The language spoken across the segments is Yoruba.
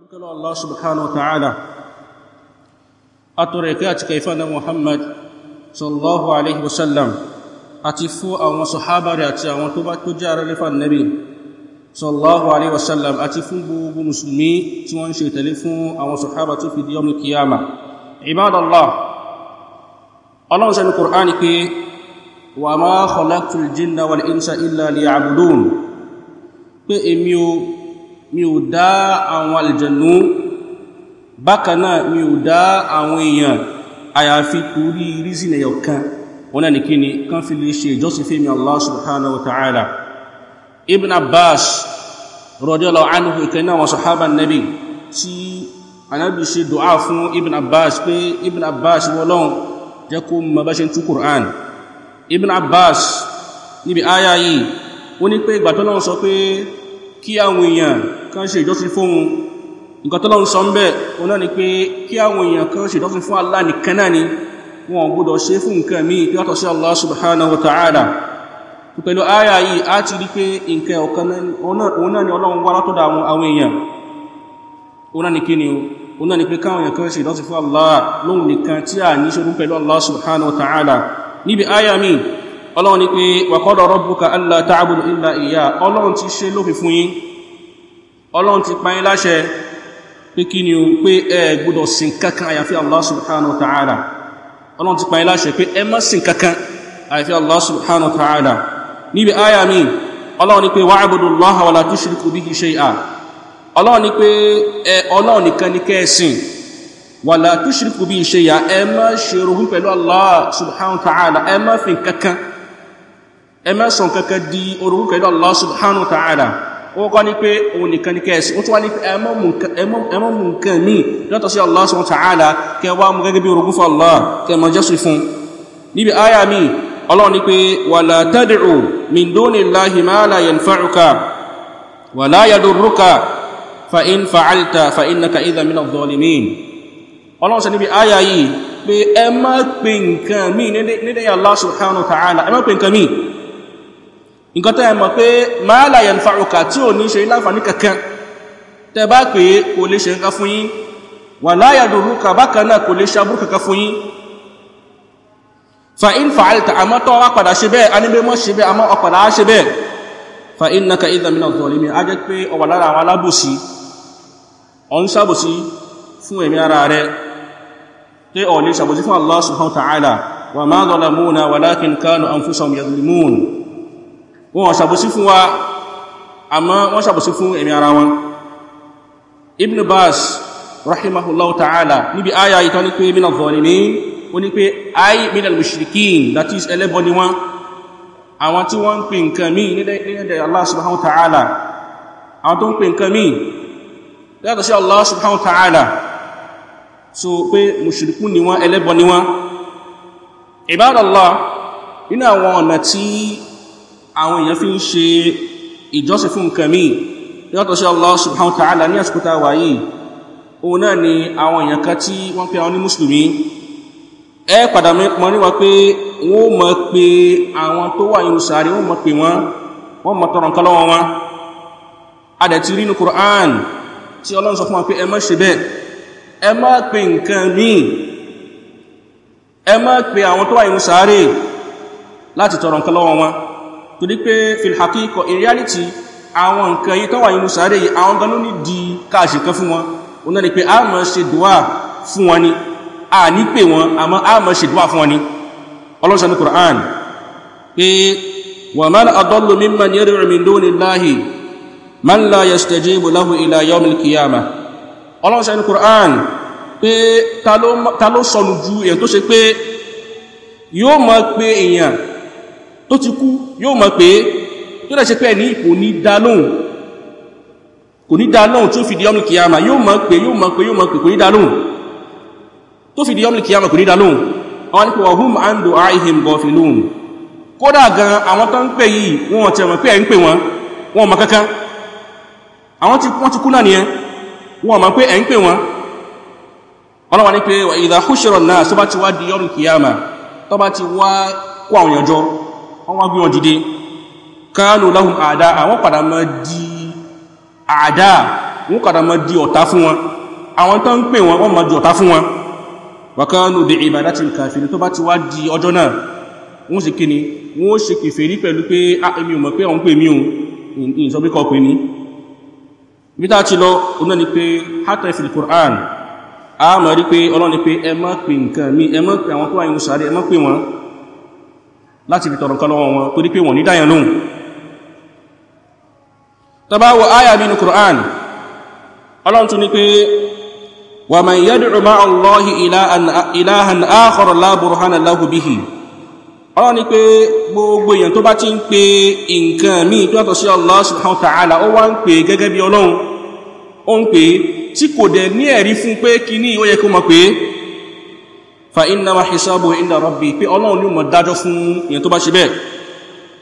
adúgbò Allah subhanahu wa ta'ala atọrọ ìkẹ́ àti kẹfà na Muhammad sallallahu alaihi wasallam àti fún àwọn sọ̀hábàrí àti àwọn tó bá tó jára rífà nabi sallallahu alaihi wasallam àti fún gbogbo musulmi tí wọ́n ṣe tẹ̀lé fún àwọn sọ̀hábà tó fi díọ́mù kiyama ibadallah ọlọ́run sẹ́nu mi ò dá àwọn àlìjẹ̀nú bákanáà mi ò dá àwọn èèyàn àyàfi torí rízìnà yọ̀kan wọn náà ni kí ni kan fi lè ṣe ìjọsìn fẹ́mi Allah subhanahu wa ibn abbas radiyallahu anhu ìkẹ́ náà wọn sahaba nabi tí anábi ṣe dùá fún ibn abbas pé ibn abbas wọlọ́n jẹ́ kó mọ bá abbas níbi áyá yìí ó ní kí àwọn èèyàn kan ṣe ìjọsìn fún un nǹkan tọ́lọ́run sọ ń bẹ̀ ọ̀nà ni pé kí àwọn èèyàn kan ṣe ìjọsìn fún Allah nìkan náà ni wọn gbọ́dọ̀ ṣe fún nǹkan míì tí sí Allah subhanahu wa ta'ala pẹ̀lú yìí a ti rí pé nǹkan ọ̀kan náà ni ọlọ́run wá látọ̀dọ̀ àwọn èèyàn ọ̀nà ni kí ni o ọ̀nà ni pé káwọn èèyàn a ní pẹ̀lú Allah ọlọ́run ni pé wàkọ́dọ̀ rọ́bùkà allah ta'abudu illa iya ọlọ́run ti ṣe lófin fún yín ọlọ́run ti pa yín láṣẹ pé kí ni o pé ẹ gbọ́dọ̀ sìn kankan àyàfi allah subhanahu wa ta'ala ọlọ́run ti pa yín láṣẹ pé ẹ má níbi àyà mi ọlọ́run ni pé wa'budu allaha wala tushriku bihi shay'a ẹ má ṣe orogún pẹ̀lú allah subhanahu ta'ala ẹ má fi kankan ẹmẹ́sàn kankan di orúkọ ẹ̀dọ́ Allah subhanahu wa ta'ala ó kọ́ ní pé òun nìkan ní kẹ́ẹ̀sì ó tún wá ní pé ẹmọ́mù nǹkan ní lọ́tọ̀ sí Allah subhanahu wa ta'ala kẹwa mú gẹ́gẹ́ bí orúkọ fún Allah kẹmọ ẹ má pè nǹkan mí nídẹ̀yà Allah subhanahu wa ta'ala ẹ má pè nǹkan mí nǹkan tẹ́ ẹ mọ̀ pé máa láyẹ̀ nfàrùkà tí ò ní ṣe láǹfààní kankan tẹ́ bá pé kò lè ṣe nǹkan fún yín wà láyà dùrú kà bákan náà kò lè ṣe aburú kankan fún yín fa in fa'alta àmọ́ tọ́ wá padà ṣe bẹ́ẹ̀ aníbẹ́ mọ́ ṣe bẹ́ẹ̀ àmọ́ ọ̀padà á ṣe bẹ́ẹ̀ wọn ṣàbòsí fún wa àmọ́ wọ́n ṣàbòsí fún ẹ̀mí ara wọn ibn bas rahimahullahu ta'ala níbi aya ìtọ́ ní pé mina zalimin ó ní pé ay mina mushrikin that is ẹlẹ́bọ ni wọn àwọn tí wọ́n ń pè nǹkan mí nílẹ̀ Allah subhanahu ta'ala so pé mushrikun ni wọ́n ẹlẹ́bọ ni ibadallah nínú àwọn ọ̀nà tí àwọn èèyàn fi ń ṣe ìjọsìn fún nǹkan míì yàtọ̀ sí Allah subhanahu wa ta'ala ní àsìkò tá a wà yìí òun náà ni àwọn èèyàn kan tí wọ́n pe àwọn ní mùsùlùmí ẹ padà mọ níwá pé wọ́n mọ pé àwọn tó wà nínú sàárè wọ́n mọ pé wọ́n wọ́n mọ tọrọ nǹkan lọ́wọ́ wọn a dẹ̀ ti rí nu Qur'an tí Ọlọ́run sọ fún wa pé ẹ má ṣe bẹ́ẹ̀ ẹ má pe nǹkan míì ẹ má pe àwọn tó wà nínú sàárè láti tọrọ nǹkan lọ́wọ́ wọn torí pé filhakíkọ in reality àwọn nǹkan yìí tó wà nínú sàárè yìí àwọn gan ló ní di káàṣì kan fún wọn o náà ni pé a máa ṣe dùwà fún wọn ni a ní pè wọn àmọ́ a máa ṣe dùwà fún wọn ni ọlọ́sọ ní Qur'an pé wa man adallu mimman yad'u min dunillahi man la yastajibu lahu ila yawmil qiyamah ọlọ́sọ ní Qur'an pé ta ló sọnù ju èyàn tó ṣe pé yóò máa pe èyàn tó ti kú yóò mọ̀ pé tó dẹ̀ ṣe pé ẹni kò ní dá lóhùn kò ní dá lóhùn tó fìdí fi ọmọ kìyàmà yóò mọ̀ pé yóò mọ̀ pé yóò mọ̀ pé kò ní dá lóhùn tó fìdí ọmọ kìyàmà kò ní dá lóhùn àwọn ní pé wọ́n hùm àndò àìhìm fi lóhùn kódà gan àwọn tó ń pè yìí wọ́n wá gbé wọn dìde kánú láhùn àdá àwọn padà mọ́ di àdá wọ́n padà mọ́ di ọ̀tá fún wọn àwọn tó ń pè wọn wọ́n mọ́ di ọ̀tá fún wọn wàkánú bí ìbàdá ti kàfèrè tó bá ti wá di ọjọ́ náà wọ́n ṣe kíni ni pé Qur'an a mọ̀ rí pé ọlọ́ni pé ẹ má pè nǹkan mi ẹ láti fi tọrọ kan lọ́wọ́ wọn torí pé wọ́n ní dáyàn lóhun tọba wọ áyà nínú Qur'an Ọlọ́run tún ní pé wa man yad'u ma'a Allahi ilahan akhara la burhana lahu bihi Ọlọ́run ní pé gbogbo èèyàn tó bá ti ń pe nǹkan míì tó yàtọ̀ sí Allah fa innama hisabu inda rabbi pé ọlọ́run ló mọ̀ dájọ́ fún èèyàn tó bá ṣe bẹ́ẹ̀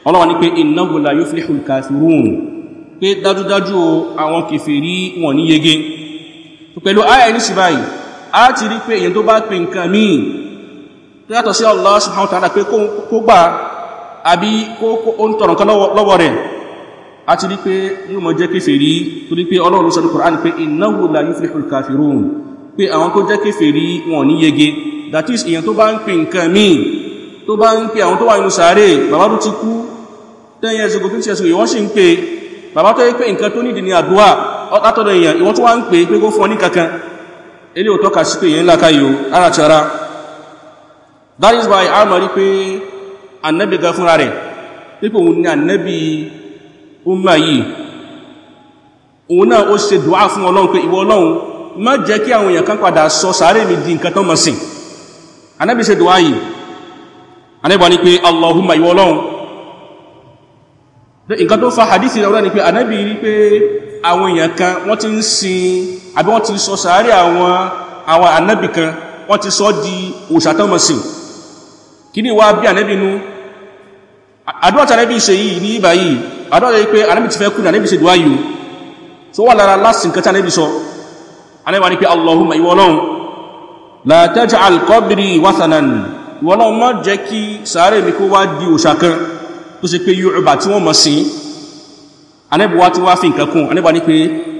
ọlọ́run ní pé innahu la yuflihul kafirun pé dájúdájú àwọn kèfèrí wọn ní yege pẹ̀lú ayé ní sí báyìí a ti rí pé èèyàn tó bá pe nǹkan míì tó yàtọ̀ sí Allah subhanahu wa ta'ala pé kó gbà àbí kó ń tọrọ nǹkan lọ́wọ́ rẹ̀ a ti rí pé yóò mọ̀ jẹ́ kèfèrí tó rí pé ọlọ́run ló sọ ní Qur'an pé innahu la yuflihul kafirun pé àwọn tó jẹ́ kèfèrí wọn ní yege that is èyàn tó bá ń pè nǹkan míì tó bá ń pè àwọn tó wà nínú sàárè bàbá tó ti kú 10 years ago 15 years ago ìwọ́n sì ń pè bàbá tó yẹ pé nǹkan tó nídìí ni àdúwà látọ̀dọ̀ èyàn ìwọ́n tó wá ń pè pé kó fún ọ ní kankan ilé òtọ́ kà sí pé èyàn láka yóò ara that is why a mọ̀ rí pé annabi gan fúnra rẹ̀ pípò òun ni annabi umma yìí òun náà ó ṣe dùá fún ọlọ́run pé ìwọ ọlọ́run má jẹ́ kí àwọn èèyàn kan padà sọ sàárè mi di nǹkan tó mọ̀ sìn anábi ṣe dùwá yìí anábi wà ní pé allahumma ìwọ ọlọ́run nǹkan tó fa hadithi náà ni pé anábi rí pé àwọn èèyàn kan wọ́n ti ń sin àbí wọ́n ti sọ sàárẹ̀ àwọn àwọn anábi kan wọ́n ti sọ di òṣàtọ́mọ̀sìn kí ni wá bí anábi nú àdúrà tí anábi ṣe yìí ní ìbà yìí àdúrà yìí pé anábi ti fẹ́ kú ní anábi ṣe dùwá so wà lára lásìkò allahumma ìwọ ọlọ́run látẹ́jọ alkọ́bìrì wátànánì wọ́n má jẹ́ kí sàárè mi kó wá di òṣà kan tó sì pé yorùbá tí wọ́n mọ̀ sí anẹ́bùwá tí wá fi nǹkan kún anẹ́bùwá ní pé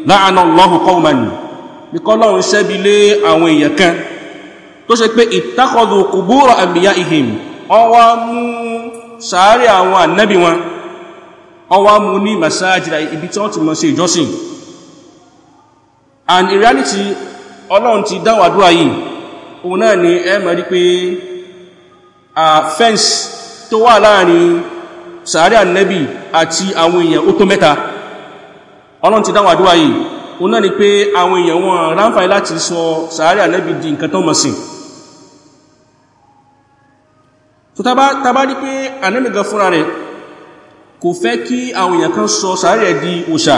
láàánà lọ́hùn kọ́ọ̀mọ̀nì bí kọ́lọ́hùn sẹ́bi lé àwọn èèyàn kan tó ṣe pé ìtakọ̀dù kùbúrọ̀ àbíyá ihim wọ́n wá mú sàárè àwọn ànẹ́bì wọn wọ́n mú ní masáàjì ibi tí wọ́n ti mọ̀ sí ìjọsìn and in reality ọlọ́run ti dáwàdúrà yìí òun náà ni ẹ mọ̀ rí pé a fence tó wà láàrin sàárì ànẹ́bì àti àwọn èèyàn ó tó mẹ́ta ọlọ́n ti dáwà àdúwà yìí òun náà ni pé àwọn èèyàn wọn ráǹfàí láti sọ sàárì ànẹ́bì di nǹkan tó mọ̀ sí tó tàbá rí pé ànẹ́bì gan fúnra rẹ̀ kò fẹ́ kí àwọn èèyàn kan sọ sàárì di òṣà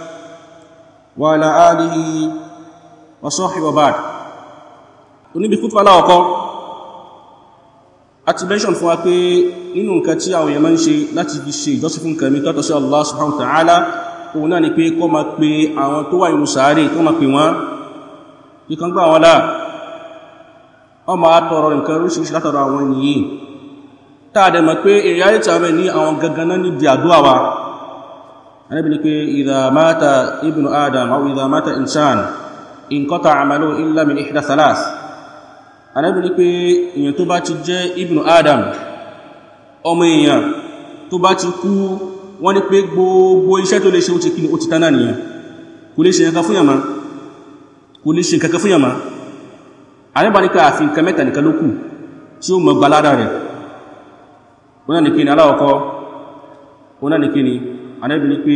وعلى آله وصحبه وبعد oníbi kúkú aláwọ̀kọ́ activation fún wa pé nínú nǹkan tí àwọn èèyàn máa ń ṣe láti fi ṣe ìjọsìn fún kẹmí tọ́tọ̀ sí Allah subhanahu wa ta'ala òun náà ni pé kọ́ ma pé àwọn tó wà inú sàárè tó ma pè wọ́n nìkan gbà wọn láà ọ ma tọrọ nǹkan oríṣiríṣi látọrọ àwọn ènìyàn táàdẹ̀ mọ̀ pé èrè ayé ní àwọn gangan náà níbi àdúwà wa Ànábì ní pé idha mata ibnu adam aw idha mata insan inqata amalu illa min ihda salas Ànábì ní pé èèyàn tó bá ti jẹ́ ibnu adam ọmọ èèyàn tó bá ti kú wọ́n ní pé gbogbo iṣẹ́ tó lè ṣe ó ti kí ni ó ti tánà nìyàn kò lè ṣe nǹkan fún yàmá kò lè ṣe nǹkan fún yàmá àníbà ní pé àfi nǹkan mẹ́ta nìkan ló kù tí ó mọ̀ gbalára rẹ̀ wọ́n náà ni aláwọ̀kọ́ wọ́n náà ní kí Ànábì ní pé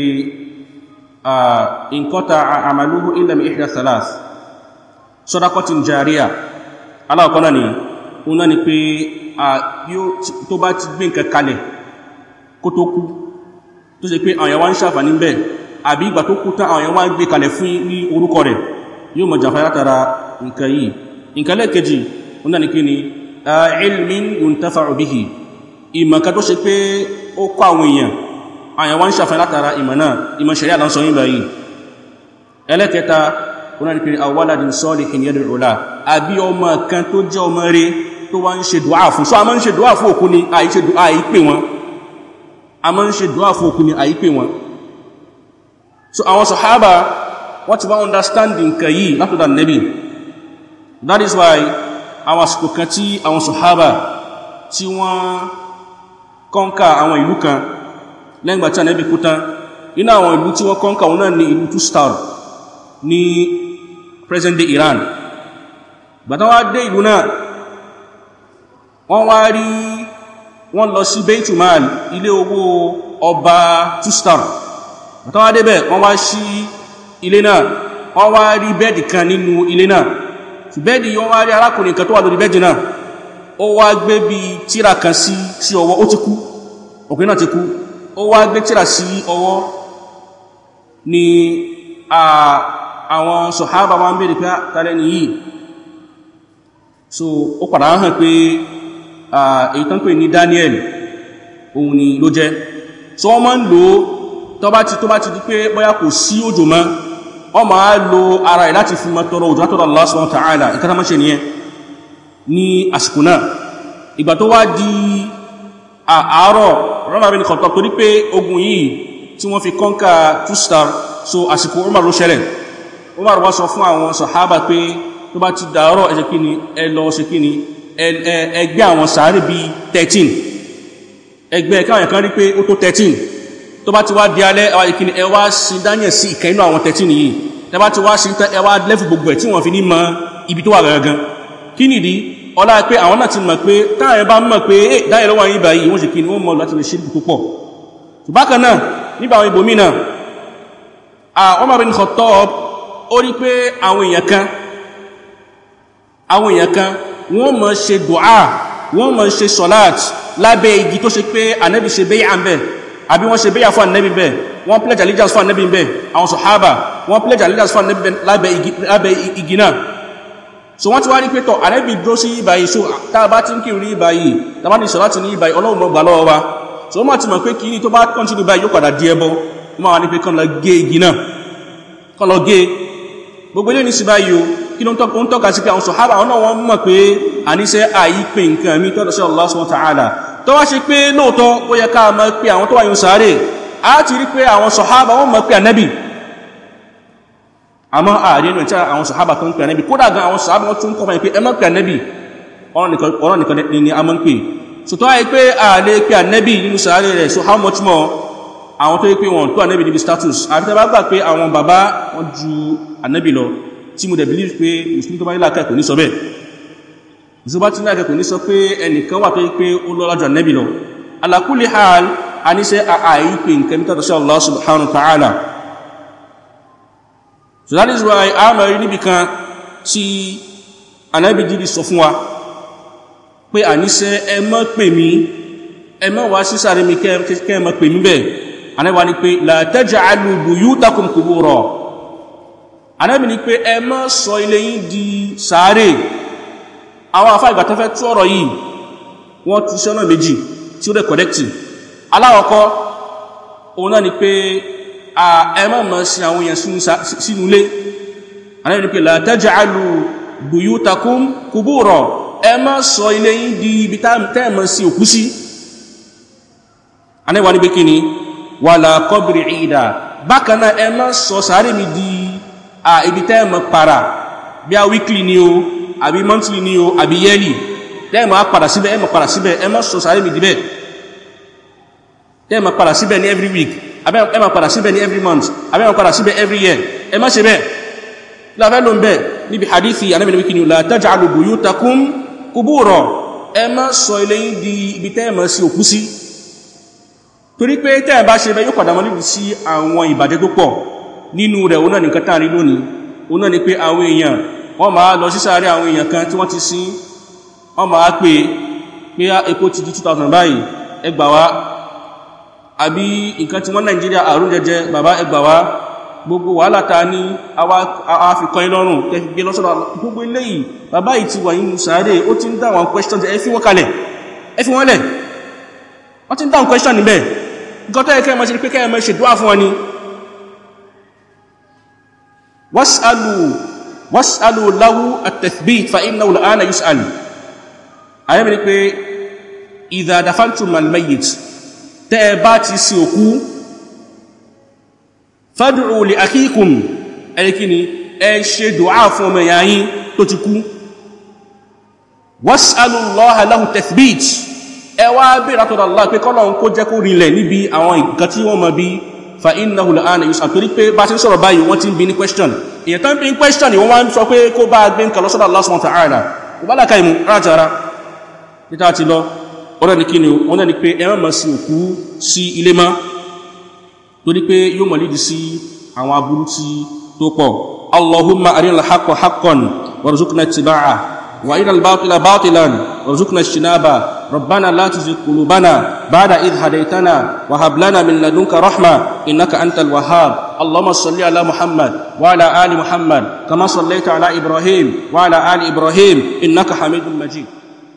nkọ́ta àmàlúhù ilẹ̀ ìhìdá salas sọ́dákọ́tín jàríà aláàkọ́lá ni ọ̀nà ni pé tó bá ti gbé nǹkan kalẹ̀ kó tó kú tó ṣe pé àwọn wá ń ṣàfà ní bẹ̀ àbí ìgbà tó kú tán àwọn wá ń gbé kalẹ̀ fún ní orúkọ rẹ̀ yóò mọ̀ jàfà látara nǹkan yìí nǹkan lẹ́ẹ̀kejì ọ̀nà ni pé ni ilmin yuntafa'u bihi ìmọ̀kan tó ṣe pé ó kọ́ àwọn èèyàn àyàn wá ń ṣàfẹ́ látara ìmọ̀ náà ìmọ̀ ṣẹ̀rí àdánsọ yìí báyìí ẹlẹ́kẹta wọ́n ní pé àwọ́ládìn sọ́ọ̀lì kìí yẹ́dùn òlà àbí ọmọ kan tó jẹ́ ọmọ rẹ̀ tó wá ń ṣe dùá fún so a máa ń ṣe dùá fún òkú ni àìṣe so àwọn sàhábà wọ́n ti wá understand nǹkan that is why àwọn àsìkò kan tí àwọn sàhábà tí wọ́n àwọn ìlú kan lẹ́gbà tí ànábì kú tán nínú àwọn ìlú tí wọ́n kọ́nkà wọn náà ni ìlú tustar ní present day Iran gbàtán wá dé ìlú náà wọ́n wá rí wọ́n lọ sí baitul ilé owó ọba tustar gbàtán wá débẹ̀ wọ́n wá sí ilé náà wọ́n wá rí bẹ́ẹ̀dì kan nínú ilé náà bẹ́ẹ̀dì yóò wá rí arákùnrin kan tó wà lórí bẹ́ẹ̀dì náà ó wá gbé bí tíra kan sí ọwọ́ ó ti kú ọkùnrin náà ti kú ó wá gbé tírà sí ọwọ́ ni àwọn sọ̀hábà wá ń bèèrè pé ah, tàlẹ́ ni yìí so ó padà hàn pé èyí tán pè ní Daniel òun ni ló jẹ́ so wọ́n máa ń lò tó bá ti tó bá ti di pé bóyá kò sí òjò mọ́ wọ́n máa lo ara láti fi mọ́ òjò látọ̀dọ̀ Allah subhanahu wa ta'ala ìkátàmọ́ṣe nìyẹn ní àsìkò náà ìgbà àárọ̀ Umar bin Khattab torí pé ogun yìí tí wọ́n fi kọ́ńkà tustar so àsìkò Umar ló ṣẹlẹ̀ Umar wá sọ fún àwọn sàhábà pé tó bá ti dàárọ̀ ẹ̀ṣẹ̀ kíni ẹ lọ ṣe kíni ẹgbẹ́ àwọn sàárè bíi 13 ẹgbẹ́ káwọn ẹ̀kan rí pé ó tó 13 tó bá ti wá di alẹ́ àwọn ìkíni ẹ wá sin Daniel sí ìkẹ́ inú àwọn 13 yìí tẹ bá ti wá sin ẹ wá lẹ́fù gbogbo ẹ̀ tí wọ́n fi ní mọ ibi tó wà gangan kí nìdí ọlá pé àwọn náà ti mọ̀ pé táàrẹ bá mọ̀ pé eh dáyẹ̀ lọ́wọ́ yìí báyìí wọ́n ṣe kí ni wọ́n mọ̀ láti lè ṣe púpọ̀ bákan náà nígbà àwọn ibòmí náà Umar bin Khattab ó rí pé àwọn èèyàn kan àwọn èèyàn kan wọ́n mọ̀ ṣe dùá wọ́n mọ̀ ṣe sọ́láàt lábẹ́ igi tó ṣe so wọ́n ti wá rí pé tọ̀ àrẹ́bì dúró sí ìbàyí so tàbá tí ń kí rí ìbàyí tàbá ní sọ̀láti ní ìbàyí ọlọ́run lọ́wọ́ wa so wọ́n ti mọ̀ pé kí ní tó bá kọ́ntínú báyìí yóò padà di ẹbọ wọ́n wá ní pé kán lọ gé igi náà kán lọ gé gbogbo ilé ní sí báyìí o kí ta'ala tó wá ṣe pé lóòótọ́ ó yẹ ká mọ̀ pé àwọn tó wà yóò sáré àmọ́ ààrínú tí àwọn sàhábà tó ń pè ànẹ́bì kódà gan àwọn sàhábà tún kọ́ fẹ́ pé ẹmọ́ pè ànẹ́bì ọ̀rọ̀ nìkan ni a mọ́ ń pè so tó wáyé pé ààrẹ pé ànẹ́bì nínú sàárè rẹ̀ so how much more àwọn tó yí pé wọn tó ànẹ́bì níbi status àti tẹ́bá gbà pé ní sọ bẹ́ẹ̀ so that is why a máa rí níbi kan tí anábìdìrí sọ fún wa pé àníṣẹ́ ẹ má pè mí ẹ má wá sí sàréè mi kẹ́ ẹ má pè mí bẹ́ẹ̀ anábìwá ni pé la taj'alu buyutakum qubura anábì ni pé ẹ má sọ ilé yín di sàréè àwọn afá ìgbà tó fẹ́ tú ọ̀rọ̀ yìí wọ́n tú sọ́nà méjì tí ó dẹ̀ kọ̀dẹ́kìtì aláwọ̀kọ́ òun náà ni pé ẹmọ́ mọ́ sí àwọn èèyàn sínúlé anábì pé la taj'alu buyutakum qubura ẹmọ́ sọ ilé yìí di ibi tẹ́ẹ̀mọ́ sí òkú sí anábì wà ní pé kí ni wala qabri ida bákanáà ẹmọ́ sọ sàárè mi di ibi tẹ́ẹ̀mọ́ para bí a weekly ni o àbí monthly ni o àbí yearly tẹ́ẹ̀mọ́ padà síbẹ̀ ẹmọ́ sọ sàárè mi di bẹ́ẹ̀ tẹ́ẹ̀mọ́ padà síbẹ̀ ní every week ẹ máa padà síbẹ̀ ní every month àbí ẹ máa padà síbẹ̀ every year ẹ má ṣe bẹ́ẹ̀ láfẹ́ ló ń bẹ̀ níbi hadithi Ànábì ní wíkìní la taj'alu buyutakum qubura ẹ má sọ ilé yín di ibi tẹ́ ẹ máa sí òkú sí torí pé tẹ́ ẹ bá ṣe bẹ́ẹ̀ yóò padà mọ́lẹ́bí sí àwọn ìbàjẹ́ tó pọ̀ nínú rẹ̀ òun náà nìkan tá rí lónìí òun náà ni pé àwọn èèyàn wọ́n máa lọ sí sàréè àwọn èèyàn kan tí wọ́n ti sin wọ́n máa pè pé epo ti di 2000 báyìí ẹgbàá àbí nǹkan tí wọ́n Nàìjíríà àrùn jẹjẹ bàbá ẹgbàwá gbogbo wàhálà ta ní àfikọ́ ìlọ́rùn kẹfì gbé lọ́sọ́dọ̀ gbogbo ilé yìí bàbá yìí ti wà nínú sàárè ó ti ń dá àwọn question ẹ fi wọ́n kalẹ̀ ẹ fi wọ́n lẹ̀ wọ́n ti ń dá àwọn question níbẹ̀ gọ́tọ́ tẹ́ ẹ bá ti sí òkú fad'u li akhikum ẹ̀rẹ́kí ni ẹ ṣe dùá fún ọmọ ìyá yín tó ti kú was'alullaha lahu tathbit ẹ wá bèèrè àtọ́dà Allah pé kọ́lọ̀ kó jẹ́ kó rinlẹ̀ níbi àwọn nǹkan tí wọ́n mọ̀ bí fa question èyàn tán question wọ́n wá ń sọ pé kó bá gbé nǹkan lọ́sọ́dọ̀ Allah subhanahu wa ta'ala wọ́n náà ni kí ni wọ́n náà ni pé ẹran ma sí òkú sí ilé má torí pé yóò mọ̀ lídi sí àwọn aburú tí tó pọ̀ allahumma arina al-haqqa haqqan warzuqna ittiba'a wa arina al-batila batilan warzuqna rabbana la tuzigh qulubana ba'da idh hadaytana wa hab min ladunka rahma innaka antal wahhab اللهم صل على محمد وعلى ال محمد كما صليت على ابراهيم وعلى ال ابراهيم انك حميد مجيد